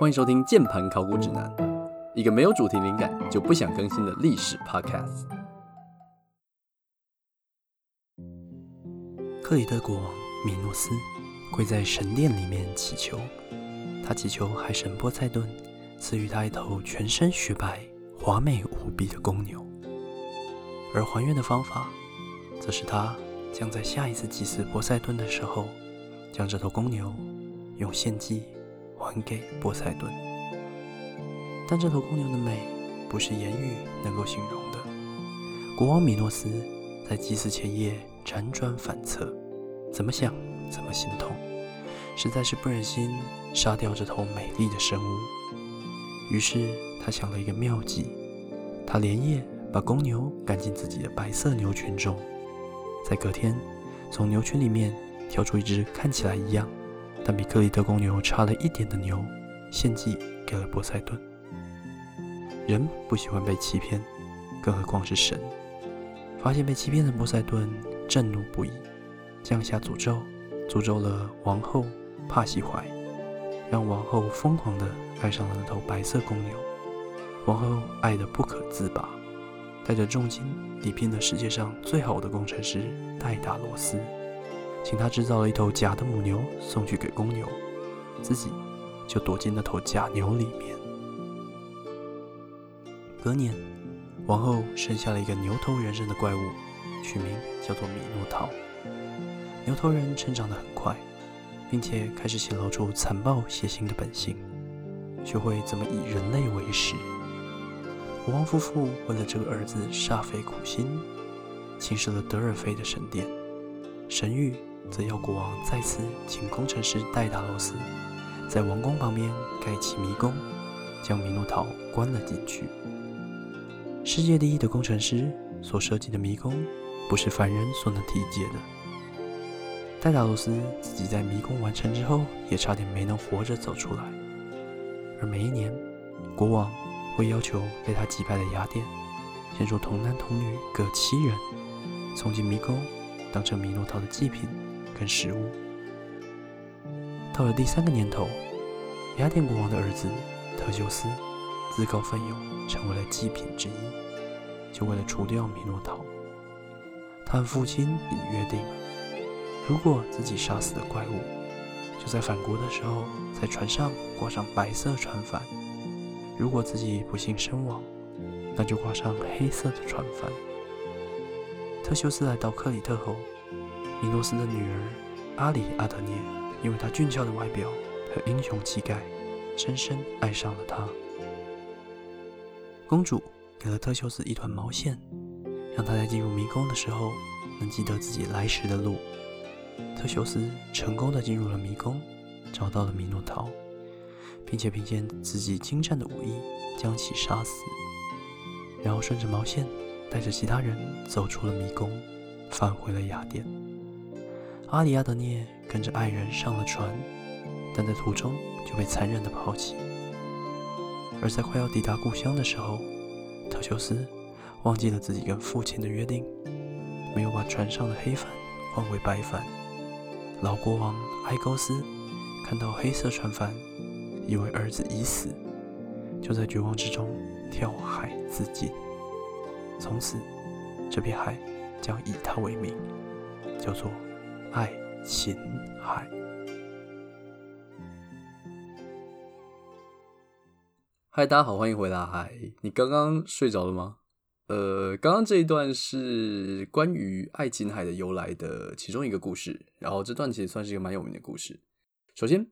歡迎收聽《鍵盤考古指南》，一個沒有主題靈感就不想更新的歷史 Podcast。克里特國王米諾斯跪在神殿裡面祈求，他祈求海神波塞頓賜予他一頭全身雪白、華美無比的公牛。而還願的方法，則是他將在下一次祭祀波塞頓的時候，將這頭公牛用獻祭。分給波塞頓。但這頭公牛的美不是言語能夠形容的。國王米諾斯在祭祀前夜輾轉反側，怎麼想怎麼心痛，實在是不忍心殺掉這頭美麗的生物。於是他想了一個妙計，他連夜把公牛趕進自己的白色牛群中，在隔天從牛群裡面挑出一只看起來一樣。但比克里特公牛差了一點的牛，獻祭給了波塞頓。人不喜歡被欺騙，更何況是神。發現被欺騙的波塞頓震怒不已，降下詛咒，詛咒了王后帕西懷，讓王后瘋狂地愛上了那頭白色公牛。王后愛得不可自拔，帶着重金禮聘了世界上最好的工程師戴達羅斯。請他製造了一頭假的母牛，送去給公牛，自己就躲進那頭假牛裡面。隔年，王后生下了一個牛頭人身的怪物，取名叫做米諾陶。牛頭人成長得很快，並且開始顯露出殘暴血腥的本性，學會怎麼以人類為食。國王夫婦為了這個兒子煞費苦心，請示了德爾菲的神殿，神諭，則要國王再次請工程師戴達羅斯，在王宮旁邊蓋起迷宮，將彌諾陶關了進去。世界第一的工程師所設計的迷宮，不是凡人所能理解的。戴達羅斯自己在迷宮完成之後，也差點沒能活着走出來。而每一年，國王會要求被他擊敗的雅典，獻出童男童女各七人，送進迷宮，當成彌諾陶的祭品，跟食物。到了第三個年頭，雅典國王的兒子特修斯自告奮勇成為了祭品之一，就為了除掉米諾陶。他和父親已約定，如果自己殺死了怪物，就在返國的時候在船上掛上白色船帆；如果自己不幸身亡，那就掛上黑色的船帆。特修斯來到克里特後，米諾斯的女兒阿里阿德涅，因為他俊俏的外表和英雄氣概，深深愛上了他。公主給了忒修斯一團毛線，讓他在進入迷宮的時候能記得自己來時的路。忒修斯成功的進入了迷宮，找到了米諾陶，並且憑借自己精湛的武藝將其殺死，然後順着毛線帶着其他人走出了迷宮，返回了雅典。阿里阿德涅跟着愛人上了船，但在途中就被殘忍地拋棄。而在快要抵達故鄉的時候，特修斯忘記了自己跟父親的約定，沒有把船上的黑帆換為白帆。老國王埃高斯看到黑色船帆，以為兒子已死，就在絕望之中跳海自盡。從此，這片海將以他為名，叫做。愛琴海，嗨，嗨，大家好，歡迎回來嗨。你剛剛睡着了嗎？呃，剛剛這一段是關於愛琴海的由來的其中一個故事，然後這段其實算是一個蠻有名的故事。首先，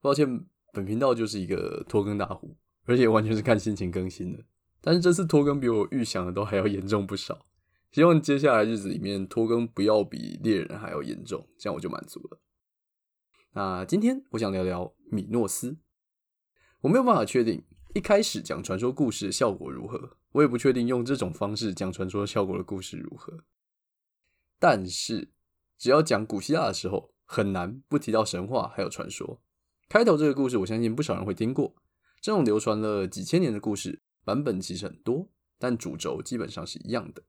抱歉，本頻道就是一個拖更大戶，而且完全是看心情更新的。但是這次拖更比我預想的都還要嚴重不少。希望接下來日子裡面，拖更不要比獵人還要嚴重，這樣我就滿足了。那今天我想聊聊米諾斯。我沒有辦法確定一開始講傳說故事的效果如何，我也不確定用這種方式講傳說效果的故事如何。但是，只要講古希臘的時候，很難不提到神話還有傳說。開頭這個故事，我相信不少人會聽過。這種流傳了幾千年的故事，版本其實很多，但主軸基本上是一樣的。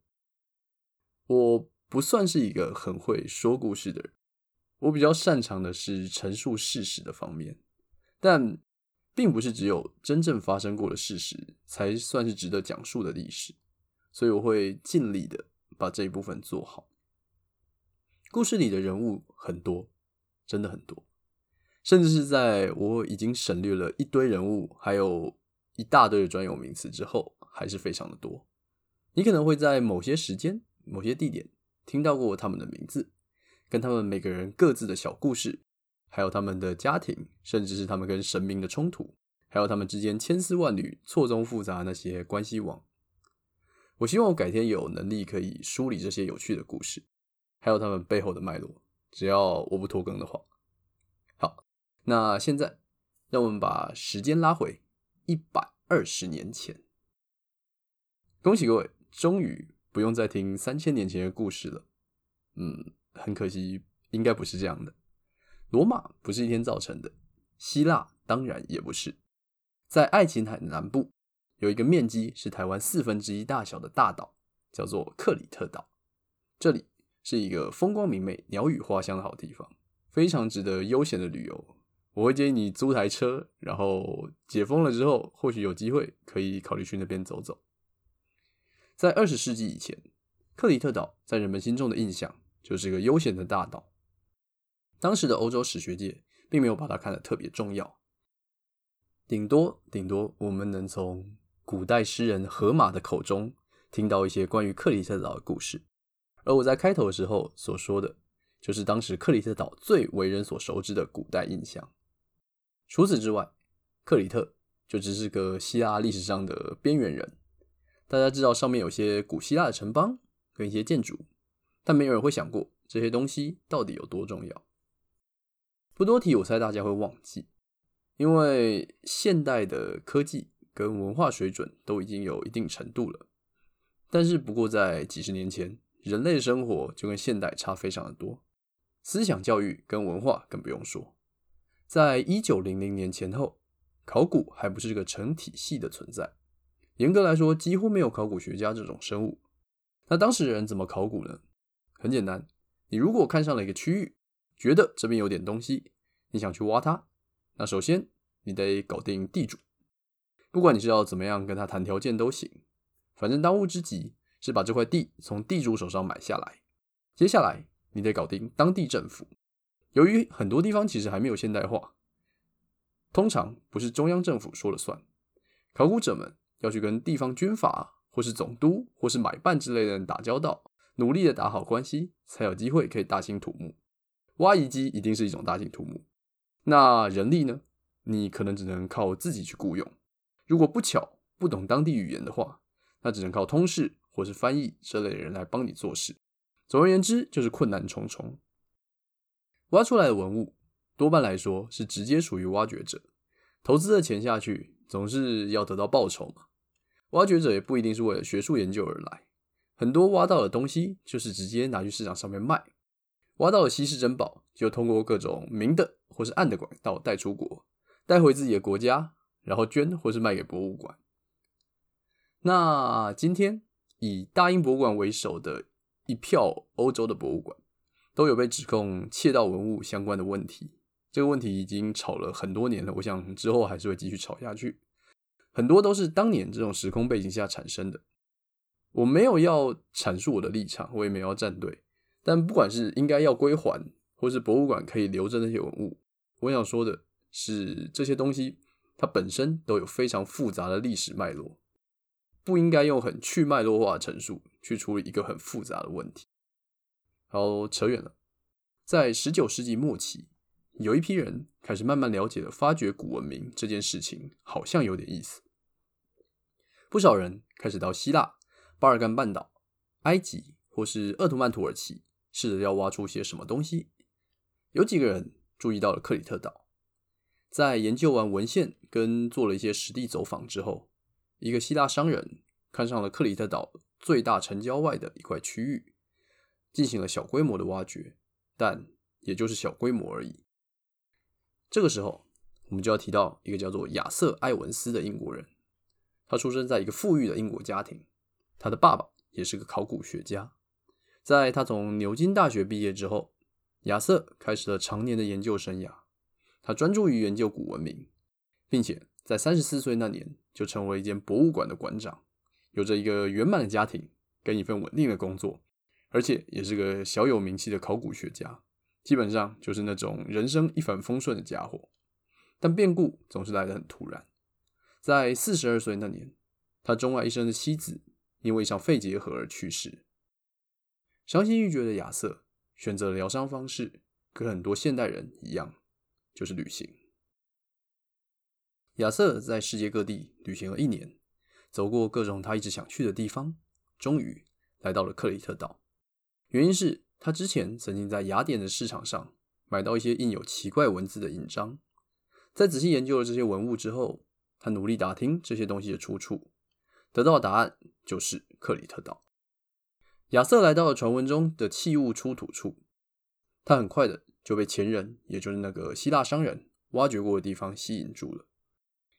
我不算是一個很會說故事的人，我比較擅長的是陳述事實的方面，但並不是只有真正發生過的事實才算是值得講述的歷史，所以我會盡力的把這一部分做好。故事裡的人物很多，真的很多，甚至是在我已經省略了一堆人物，還有一大堆的專有名詞之後，還是非常的多。你可能會在某些時間，某些地點聽到過他們的名字，跟他們每個人各自的小故事，還有他們的家庭，甚至是他們跟神明的衝突，還有他們之間千絲萬縷、錯綜複雜的那些關係網。我希望我改天有能力可以梳理這些有趣的故事，還有他們背後的脈絡。只要我不拖更的話，好，那現在讓我們把時間拉回一百二十年前。恭喜各位，終於。不用再聽三千年前的故事了。嗯，很可惜，應該不是這樣的。羅馬不是一天造成的，希臘當然也不是。在愛琴海南部，有一個面積是台灣四分之一大小的大島，叫做克里特島。這裡是一個風光明媚、鳥語花香的好地方，非常值得悠閒的旅遊。我會建議你租台車，然後解封了之後，或許有機會可以考慮去那邊走走。在二十世紀以前，克里特島在人們心中的印象就是個悠閒的大島。當時的歐洲史學界並沒有把它看得特別重要，頂多頂多，我們能從古代詩人荷馬的口中聽到一些關於克里特島的故事。而我在開頭的時候所說的，就是當時克里特島最為人所熟知的古代印象。除此之外，克里特就只是個希臘歷史上的邊緣人。大家知道上面有些古希臘的城邦跟一些建築，但沒有人會想過這些東西到底有多重要。不多提，我猜大家會忘記，因為現代的科技跟文化水準都已經有一定程度了。但是不過在幾十年前，人類的生活就跟現代差非常的多，思想、教育跟文化更不用說。在一九零零年前後，考古還不是個成體系的存在。嚴格來說，幾乎沒有考古學家這種生物。那當時人怎麼考古呢？很簡單，你如果看上了一個區域，覺得這邊有點東西，你想去挖它，那首先你得搞定地主，不管你是要怎麼樣跟他談條件都行，反正當務之急是把這塊地從地主手上買下來。接下來你得搞定當地政府，由於很多地方其實還沒有現代化，通常不是中央政府說了算，考古者們。要去跟地方軍閥、或是總督、或是買辦之類的人打交道，努力的打好關係，才有機會可以大興土木。挖遺跡一定是一種大興土木。那人力呢？你可能只能靠自己去雇傭。如果不巧不懂當地語言的話，那只能靠通事或是翻譯之類的人來幫你做事。總而言之，就是困難重重。挖出來的文物，多半來說是直接屬於挖掘者。投資的錢下去，總是要得到報酬嘛。挖掘者也不一定是為了學術研究而來，很多挖到的東西就是直接拿去市場上面賣。挖到的稀世珍寶就通過各種明的或是暗的管道帶出國，帶回自己的國家，然後捐或是賣給博物館。那今天以大英博物館為首的一票歐洲的博物館，都有被指控竊盜文物相關的問題。這個問題已經吵了很多年了，我想之後還是會繼續吵下去。很多都是當年這種時空背景下產生的。我沒有要闡述我的立場，我也沒有要站隊。但不管是應該要歸還，或是博物館可以留着那些文物，我想說的是，這些東西它本身都有非常複雜的歷史脈絡，不應該用很去脈絡化的陳述去處理一個很複雜的問題。好，扯遠了，在十九世紀末期。有一批人開始慢慢了解了發掘古文明這件事情，好像有點意思。不少人開始到希臘、巴爾幹半島、埃及或是鄂圖曼土耳其，試着要挖出些什麼東西。有幾個人注意到了克里特島，在研究完文獻跟做了一些實地走訪之後，一個希臘商人看上了克里特島最大城郊外的一塊區域，進行了小規模的挖掘，但也就是小規模而已。這個時候，我們就要提到一個叫做亞瑟·埃文斯的英國人。他出生在一個富裕的英國家庭，他的爸爸也是個考古學家。在他從牛津大學畢業之後，亞瑟開始了長年的研究生涯。他專注於研究古文明，並且在三十四歲那年就成為一間博物館的館長，有着一個圓滿的家庭，跟一份穩定的工作，而且也是個小有名氣的考古學家。基本上就是那種人生一帆風順的家伙，但變故總是來得很突然。在四十二歲那年，他鍾愛一生的妻子因為一場肺結核而去世。傷心欲絕的亞瑟選擇了療傷方式，跟很多現代人一樣，就是旅行。亞瑟在世界各地旅行了一年，走過各種他一直想去的地方，終於來到了克里特島。原因是。他之前曾經在雅典的市場上買到一些印有奇怪文字的印章，在仔細研究了這些文物之後，他努力打聽這些東西的出處，得到的答案就是克里特島。亞瑟來到了傳聞中的器物出土處，他很快的就被前人，也就是那個希臘商人挖掘過的地方吸引住了，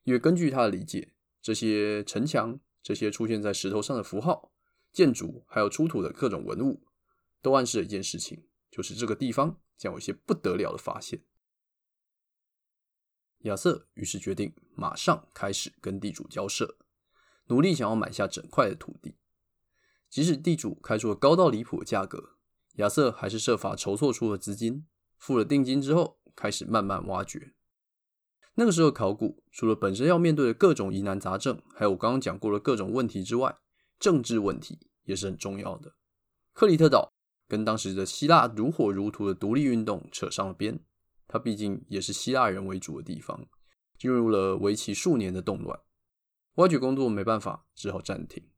因為根據他的理解，這些城牆、這些出現在石頭上的符號、建築，還有出土的各種文物。都暗示了一件事情，就是這個地方將有一些不得了的發現。亞瑟於是決定馬上開始跟地主交涉，努力想要買下整塊的土地。即使地主開出了高到離譜的價格，亞瑟還是設法籌措出了資金，付了定金之後，開始慢慢挖掘。那個時候，考古除了本身要面對的各種疑難雜症，還有我剛剛講過的各種問題之外，政治問題也是很重要的。克里特島，跟當時的希臘如火如荼的獨立運動扯上了邊，他畢竟也是希臘人為主的地方，進入了為期數年的動亂，挖掘工作沒辦法，只好暫停。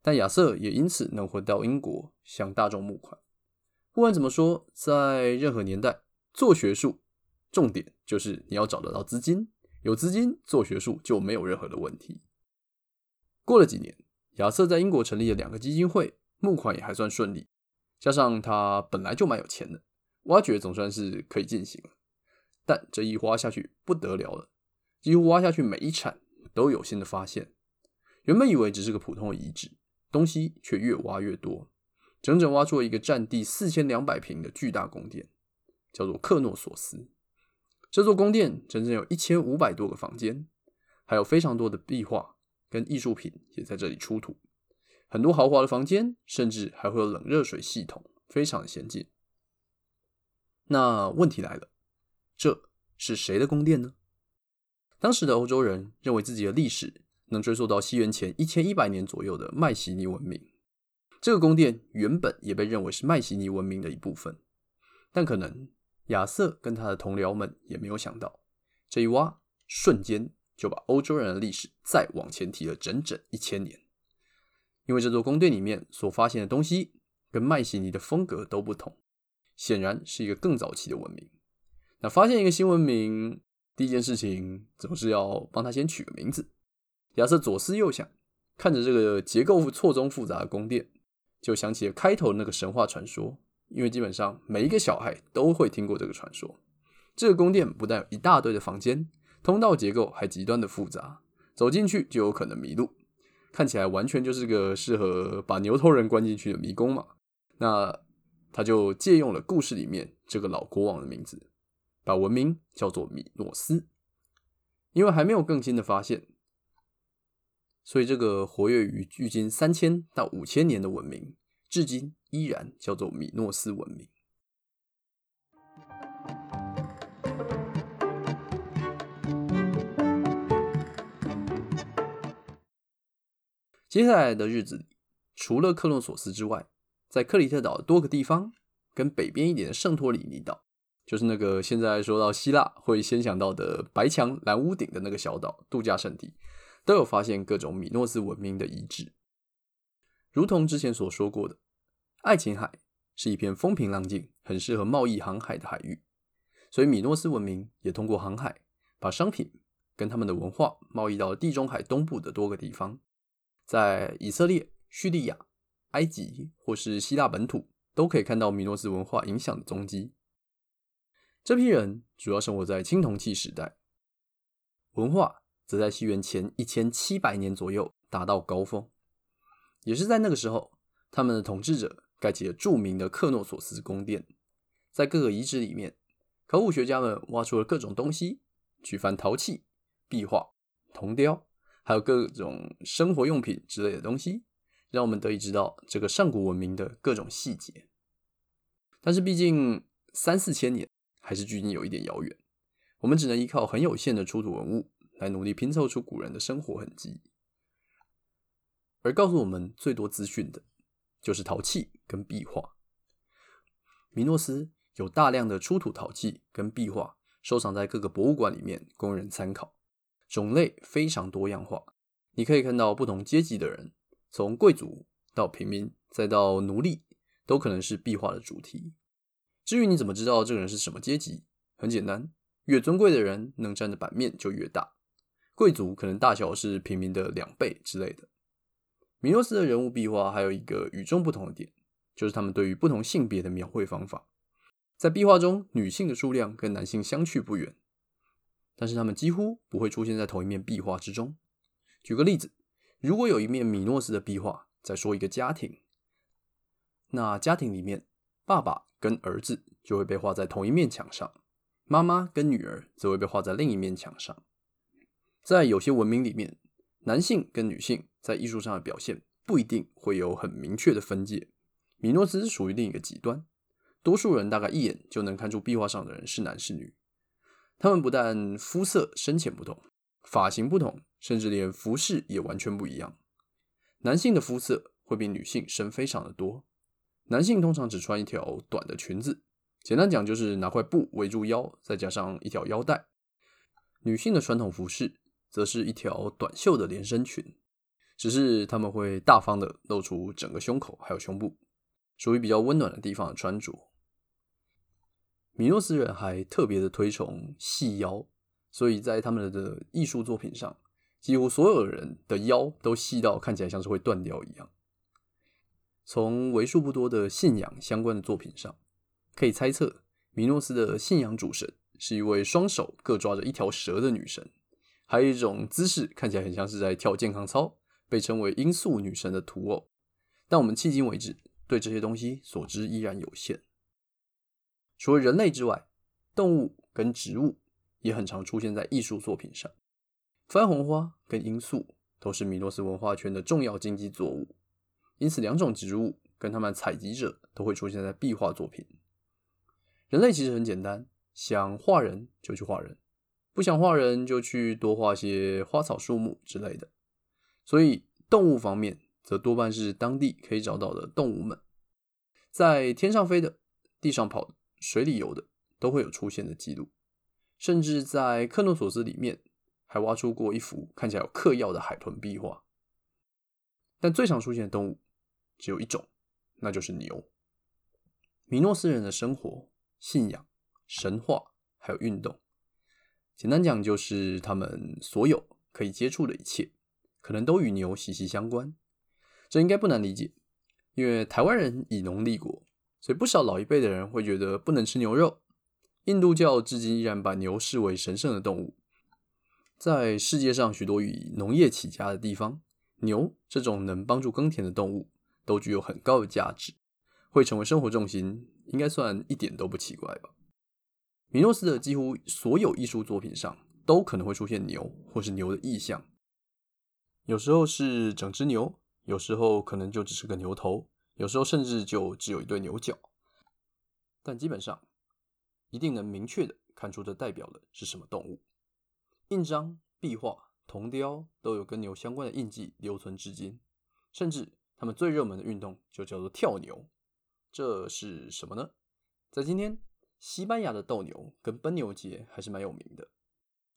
但亞瑟也因此能回到英國向大眾募款。不管怎麼說，在任何年代做學術，重點就是你要找得到資金，有資金做學術就沒有任何的問題。過了幾年，亞瑟在英國成立了兩個基金會，募款也還算順利。加上他本來就蠻有錢的，挖掘總算是可以進行了。但這一挖下去不得了了，幾乎挖下去每一鏟都有新的發現。原本以為只是個普通的遺址，東西卻越挖越多，整整挖出了一個占地四千兩百平的巨大宮殿，叫做克諾索斯。這座宮殿整整有一千五百多個房間，還有非常多的壁畫跟藝術品也在這裡出土。很多豪華的房間，甚至還會有冷熱水系統，非常的先進。那問題來了，這是誰的宮殿呢？當時的歐洲人認為自己的歷史能追溯到西元前一千一百年左右的邁錫尼文明，這個宮殿原本也被認為是邁錫尼文明的一部分。但可能亞瑟跟他的同僚們也沒有想到，這一挖瞬間就把歐洲人的歷史再往前提了整整一千年。因為這座宮殿裡面所發現的東西跟邁錫尼的風格都不同，顯然是一個更早期的文明。那發現一個新文明，第一件事情總是要幫他先取個名字。亞瑟左思右想，看着這個結構錯綜複雜的宮殿，就想起了開頭那個神話傳說。因為基本上每一個小孩都會聽過這個傳說。這個宮殿不但有一大堆的房間，通道結構還極端的複雜，走進去就有可能迷路。看起來完全就是個適合把牛頭人關進去的迷宮嘛。那他就借用了故事裡面這個老國王的名字，把文明叫做米諾斯。因為還沒有更新的發現，所以這個活躍於距今三千到五千年的文明，至今依然叫做米諾斯文明。接下來的日子裡，除了克諾索斯之外，在克里特島的多個地方，跟北邊一點的聖托里尼島，就是那個現在說到希臘會先想到的白牆藍屋頂的那個小島度假勝地，都有發現各種米諾斯文明的遺址。如同之前所說過的，愛琴海是一片風平浪靜、很適合貿易航海的海域，所以米諾斯文明也通過航海把商品跟他們的文化貿易到地中海東部的多個地方。在以色列、敘利亞、埃及，或是希臘本土，都可以看到米諾斯文化影響的蹤跡。這批人主要生活在青銅器時代，文化則在西元前一千七百年左右達到高峰。也是在那個時候，他們的統治者蓋起了著名的克諾索斯宮殿。在各個遺址裡面，考古學家們挖出了各種東西，舉凡陶器、壁畫、銅雕。還有各種生活用品之類的東西，讓我們得以知道這個上古文明的各種細節。但是，畢竟三四千年還是距今有一點遙遠，我們只能依靠很有限的出土文物來努力拼湊出古人的生活痕跡。而告訴我們最多資訊的，就是陶器跟壁畫。米諾斯有大量的出土陶器跟壁畫，收藏在各個博物館裡面供人參考。種類非常多樣化，你可以看到不同階級的人，從貴族到平民，再到奴隸，都可能是壁畫的主題。至於你怎麼知道這個人是什麼階級？很簡單，越尊貴的人能占的版面就越大，貴族可能大小是平民的兩倍之類的。米諾斯的人物壁畫還有一個與眾不同的點，就是他們對於不同性別的描繪方法。在壁畫中，女性的數量跟男性相去不遠。但是他們幾乎不會出現在同一面壁畫之中。舉個例子，如果有一面米諾斯的壁畫在說一個家庭，那家庭裡面爸爸跟兒子就會被畫在同一面牆上，媽媽跟女兒則會被畫在另一面牆上。在有些文明裡面，男性跟女性在藝術上的表現不一定會有很明確的分界。米諾斯是屬於另一個極端，多數人大概一眼就能看出壁畫上的人是男是女。他們不但膚色深淺不同，髮型不同，甚至連服飾也完全不一樣。男性的膚色會比女性深非常的多。男性通常只穿一條短的裙子，簡單講就是拿塊布圍住腰，再加上一條腰帶。女性的傳統服飾則是一條短袖的連身裙，只是他們會大方的露出整個胸口還有胸部，屬於比較溫暖的地方的穿着。米諾斯人還特別的推崇細腰，所以在他們的藝術作品上，幾乎所有人的腰都細到看起來像是會斷掉一樣。從為數不多的信仰相關的作品上，可以猜測米諾斯的信仰主神是一位雙手各抓着一條蛇的女神，還有一種姿勢看起來很像是在跳健康操，被稱為“罌粟女神”的土偶。但我們迄今為止對這些東西所知依然有限。除了人類之外，動物跟植物也很常出現在藝術作品上。番紅花跟罌粟都是米諾斯文化圈的重要經濟作物，因此兩種植物跟它們採集者都會出現在壁畫作品。人類其實很簡單，想畫人就去畫人，不想畫人就去多畫些花草樹木之類的。所以動物方面則多半是當地可以找到的動物們，在天上飛的，地上跑的。水裡游的都會有出現的記錄，甚至在克諾索斯裡面還挖出過一幅看起來有嗑藥的海豚壁畫。但最常出現的動物只有一種，那就是牛。米諾斯人的生活、信仰、神話還有運動，簡單講就是他們所有可以接觸的一切，可能都與牛息息相關。這應該不難理解，因為台灣人以農立國。所以不少老一輩的人會覺得不能吃牛肉。印度教至今依然把牛視為神聖的動物。在世界上許多以農業起家的地方，牛這種能幫助耕田的動物都具有很高的價值，會成為生活重心，應該算一點都不奇怪吧。米諾斯的幾乎所有藝術作品上都可能會出現牛或是牛的意象，有時候是整隻牛，有時候可能就只是個牛頭。有時候甚至就只有一對牛角，但基本上一定能明確的看出這代表的是什麼動物。印章、壁畫、銅雕都有跟牛相關的印記留存至今，甚至他們最熱門的運動就叫做跳牛。這是什麼呢？在今天，西班牙的鬥牛跟奔牛節還是蠻有名的，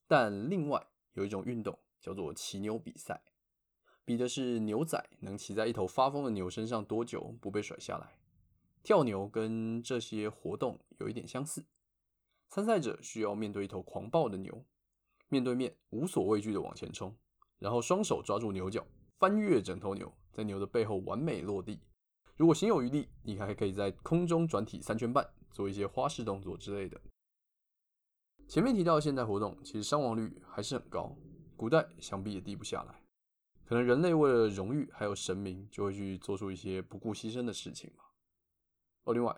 但另外有一種運動叫做騎牛比賽。比的是牛仔能騎在一頭發瘋的牛身上多久不被甩下來。跳牛跟這些活動有一點相似，參賽者需要面對一頭狂暴的牛，面對面無所畏懼地往前衝，然後雙手抓住牛角，翻越整頭牛，在牛的背後完美落地。如果心有餘力，你還可以在空中轉體三圈半，做一些花式動作之類的。前面提到的現代活動其實傷亡率還是很高，古代想必也低不下來。可能人類為了榮譽還有神明，就會去做出一些不顧犧牲的事情嘛。哦，另外，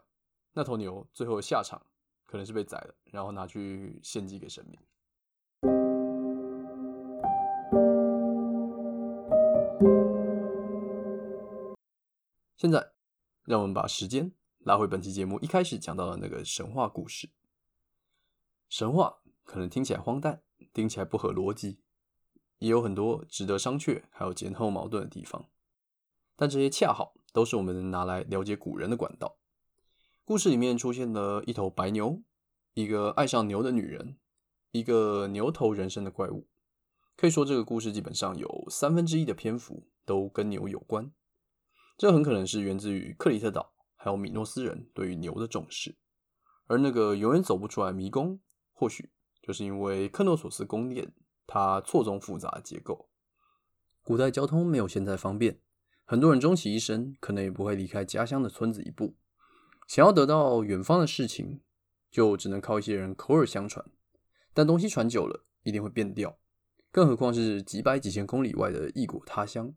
那頭牛最後的下場可能是被宰了，然後拿去獻祭給神明。現在，讓我們把時間拉回本期節目一開始講到的那個神話故事。神話可能聽起來荒誕，聽起來不合邏輯。也有很多值得商榷，還有前後矛盾的地方。但這些恰好都是我們能拿來了解古人的管道。故事裡面出現了一頭白牛，一個愛上牛的女人，一個牛頭人身的怪物。可以說，這個故事基本上有三分之一的篇幅都跟牛有關。這很可能是源自於克里特島，還有米諾斯人對於牛的重視。而那個永遠走不出來迷宮，或許就是因為克諾索斯宮殿它錯綜複雜的結構，古代交通沒有現在方便，很多人終其一生可能也不會離開家鄉的村子一步。想要得到遠方的事情，就只能靠一些人口耳相傳。但東西傳久了，一定會變掉，更何況是幾百幾千公里外的異國他鄉，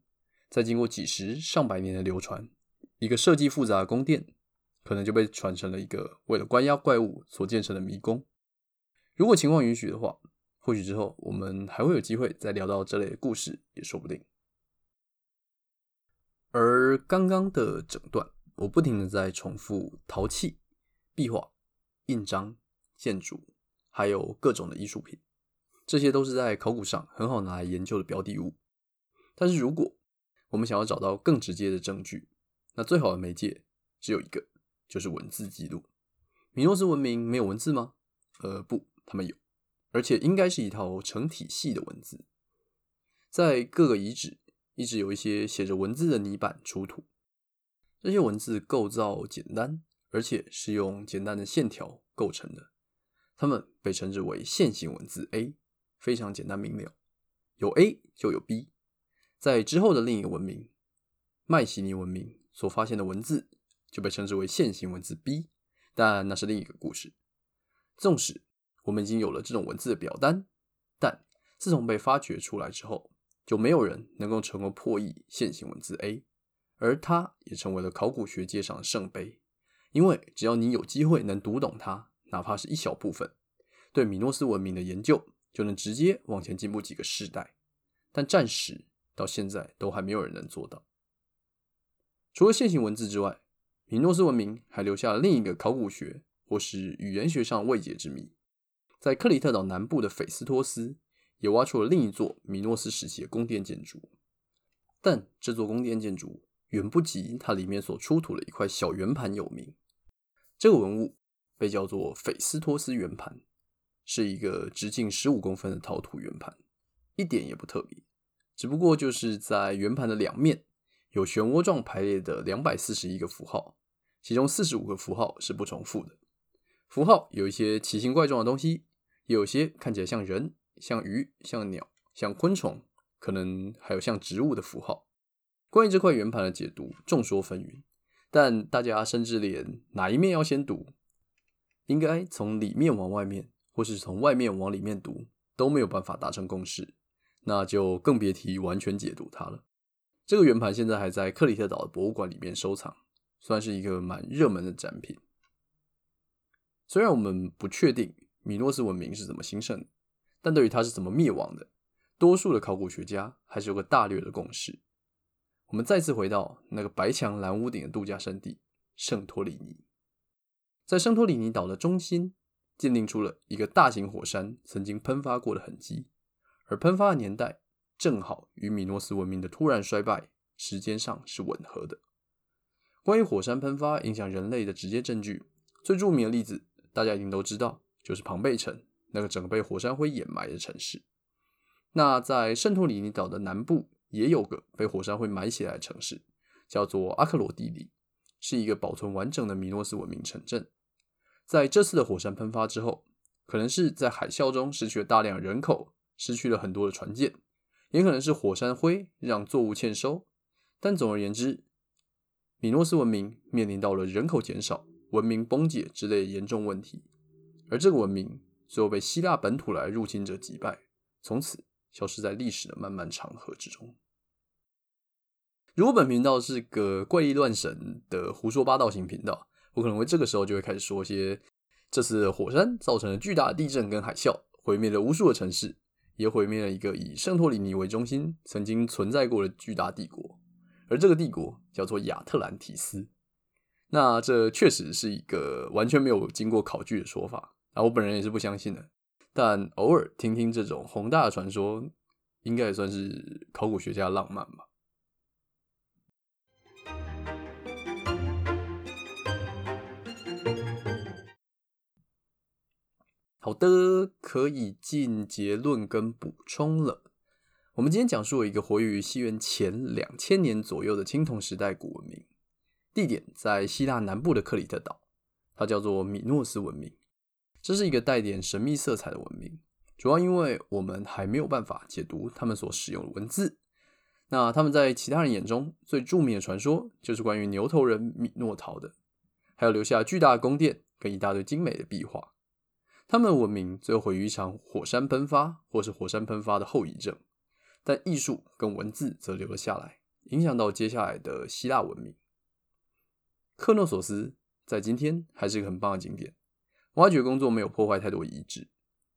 再經過幾十上百年的流傳，一個設計複雜的宮殿，可能就被傳成了一個為了關押怪物所建成的迷宮。如果情況允許的話。或許之後我們還會有機會再聊到這類故事，也說不定。而剛剛的整段，我不停的在重複：陶器、壁畫、印章、建築，還有各種的藝術品，這些都是在考古上很好拿來研究的標的物。但是，如果我們想要找到更直接的證據，那最好的媒介只有一個，就是文字記錄。米諾斯文明沒有文字嗎？呃，不，他們有。而且應該是一套成體系的文字，在各個遺址一直有一些寫着文字的泥板出土。這些文字構造簡單，而且是用簡單的線條構成的。它們被稱之為線形文字 A，非常簡單明了。有 A 就有 B，在之後的另一個文明——邁錫尼文明所發現的文字，就被稱之為線形文字 B。但那是另一個故事。縱使，我們已經有了這種文字的表單，但自從被發掘出來之後，就沒有人能夠成功破譯線形文字 A，而它也成為了考古學界上的聖杯，因為只要你有機會能讀懂它，哪怕是一小部分，對米諾斯文明的研究就能直接往前進步幾個世代。但暫時到現在都還沒有人能做到。除了線性文字之外，米諾斯文明還留下了另一個考古學或是語言學上的未解之謎。在克里特島南部的斐斯托斯也挖出了另一座米諾斯時期的宮殿建築，但這座宮殿建築遠不及它裡面所出土的一塊小圓盤有名。這個文物被叫做斐斯托斯圓盤，是一個直徑十五公分的陶土圓盤，一點也不特別，只不過就是在圓盤的兩面有漩渦狀排列的兩百四十一個符號，其中四十五個符號是不重複的，符號有一些奇形怪狀的東西。有些看起來像人、像魚、像鳥、像昆蟲，可能還有像植物的符號。關於這塊圓盤的解讀，眾說紛紜。但大家甚至連哪一面要先讀，應該從裡面往外面，或是從外面往裡面讀，都沒有辦法達成共識。那就更別提完全解讀它了。這個圓盤現在還在克里特島的博物館裡面收藏，算是一個蠻熱門的展品。雖然我們不確定，米諾斯文明是怎麼興盛的？但對於它是怎麼滅亡的，多數的考古學家還是有個大略的共識。我們再次回到那個白牆藍屋頂的度假勝地聖托里尼，在聖托里尼島的中心鑑定出了一個大型火山曾經噴發過的痕跡，而噴發的年代正好與米諾斯文明的突然衰敗時間上是吻合的。關於火山噴發影響人類的直接證據，最著名的例子大家一定都知道。就是龐貝城，那個整個被火山灰掩埋的城市。那在聖托里尼島的南部也有個被火山灰埋起來的城市，叫做阿克羅蒂里，是一個保存完整的米諾斯文明城鎮。在這次的火山噴發之後，可能是在海嘯中失去了大量人口，失去了很多的船艦，也可能是火山灰讓作物欠收。但總而言之，米諾斯文明面臨到了人口減少、文明崩解之類的嚴重問題。而這個文明最後被希臘本土來入侵者擊敗，從此消失在歷史的漫漫長河之中。如果本頻道是個怪力亂神的胡說八道型頻道，我可能會這個時候就會開始說些，這次火山造成了巨大的地震跟海嘯，毀滅了無數的城市，也毀滅了一個以聖托里尼為中心曾經存在過的巨大帝國。而這個帝國叫做亞特蘭提斯。那這確實是一個完全沒有經過考據的說法。啊，我本人也是不相信的，但偶爾聽聽這種宏大的傳說，應該也算是考古學家的浪漫吧。好的，可以進結論跟補充了。我們今天講述一個活躍於西元前兩千年左右的青銅時代古文明，地點在希臘南部的克里特島，它叫做米諾斯文明。這是一個帶點神秘色彩的文明，主要因為我們還沒有辦法解讀他們所使用的文字。那他們在其他人眼中最著名的傳說就是關於牛頭人米諾陶的，還有留下巨大的宮殿跟一大堆精美的壁畫。他們的文明最後毀於一場火山噴發，或是火山噴發的後遺症，但藝術跟文字則留了下來，影響到接下來的希臘文明。克諾索斯在今天還是一個很棒的景點。挖掘工作沒有破壞太多遺址，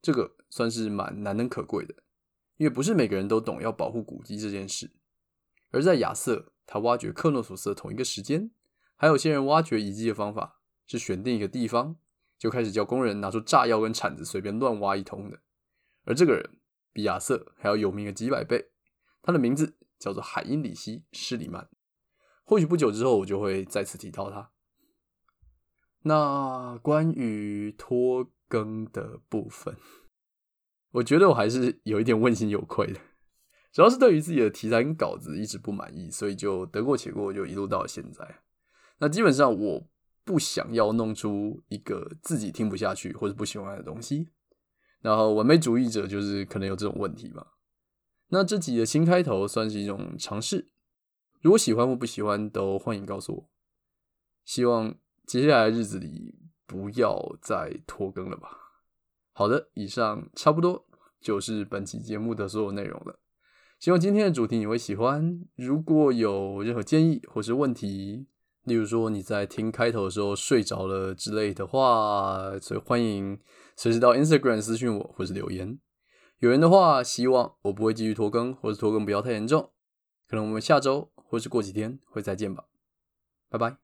這個算是蠻難能可貴的，因為不是每個人都懂要保護古蹟這件事。而在亞瑟他挖掘克諾索斯的同一個時間，還有些人挖掘遺迹的方法是選定一個地方，就開始叫工人拿出炸藥跟鏟子隨便亂挖一通的。而這個人比亞瑟還要有名個幾百倍，他的名字叫做海因裡希·施里曼。或許不久之後我就會再次提到他。那關於拖更的部分，我覺得我還是有一點問心有愧的，主要是對於自己的題材跟稿子一直不滿意，所以就得過且過，就一路到現在。那基本上我不想要弄出一個自己聽不下去或者不喜歡的東西，然後完美主義者就是可能有這種問題吧。那這集的新開頭算是一種嘗試，如果喜歡或不喜歡都歡迎告訴我，希望。接下來的日子裡不要再拖更了吧。好的，以上差不多就是本期節目的所有內容了。希望今天的主題你會喜歡。如果有任何建議或是問題，例如說你在聽開頭的時候睡着了之類的話，所以歡迎隨時到 Instagram 私訊我或是留言。有緣的話，希望我不會繼續拖更，或是拖更不要太嚴重。可能我們下周或是過幾天會再見吧。拜拜。